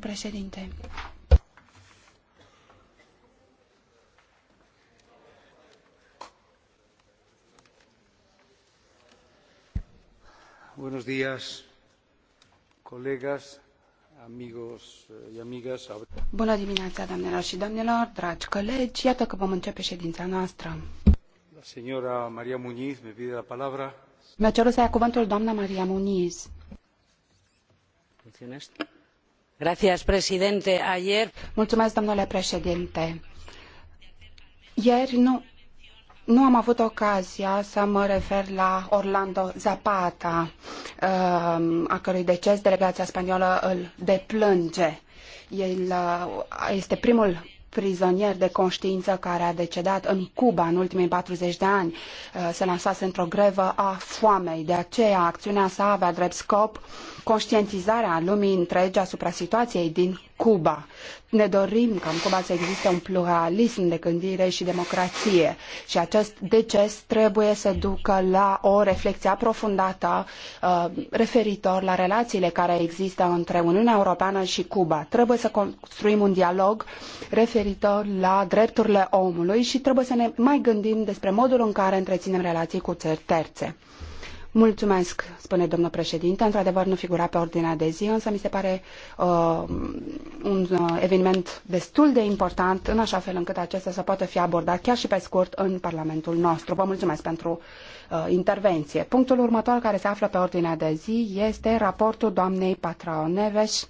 președinte. Buenos días, colegas, amigos eh, y amigas. Bună dimineața, doamnelor și domnilor, dragi colegi. Iată că vom începe ședința noastră. La señora María Muñiz me pide la palabra. Mi-a cerut să ia cuvântul doamna Maria Muniz. Mulțumesc. Mulțumesc, domnule președinte. Ieri nu, nu am avut ocazia să mă refer la Orlando Zapata, um, a cărui deces delegația spaniolă îl deplânge. El uh, este primul prizonier de conștiință care a decedat în Cuba în ultimii 40 de ani. Uh, se lansase într-o grevă a foamei. De aceea, acțiunea sa avea drept scop conștientizarea lumii întregi asupra situației din Cuba. Ne dorim ca în Cuba să existe un pluralism de gândire și democrație și acest deces trebuie să ducă la o reflexie aprofundată uh, referitor la relațiile care există între Uniunea Europeană și Cuba. Trebuie să construim un dialog referitor referitor la drepturile omului și trebuie să ne mai gândim despre modul în care întreținem relații cu țări terțe. Mulțumesc, spune domnul președinte. Într-adevăr, nu figura pe ordinea de zi, însă mi se pare uh, un uh, eveniment destul de important, în așa fel încât acesta să poată fi abordat chiar și pe scurt în Parlamentul nostru. Vă mulțumesc pentru uh, intervenție. Punctul următor care se află pe ordinea de zi este raportul doamnei Patrao Neves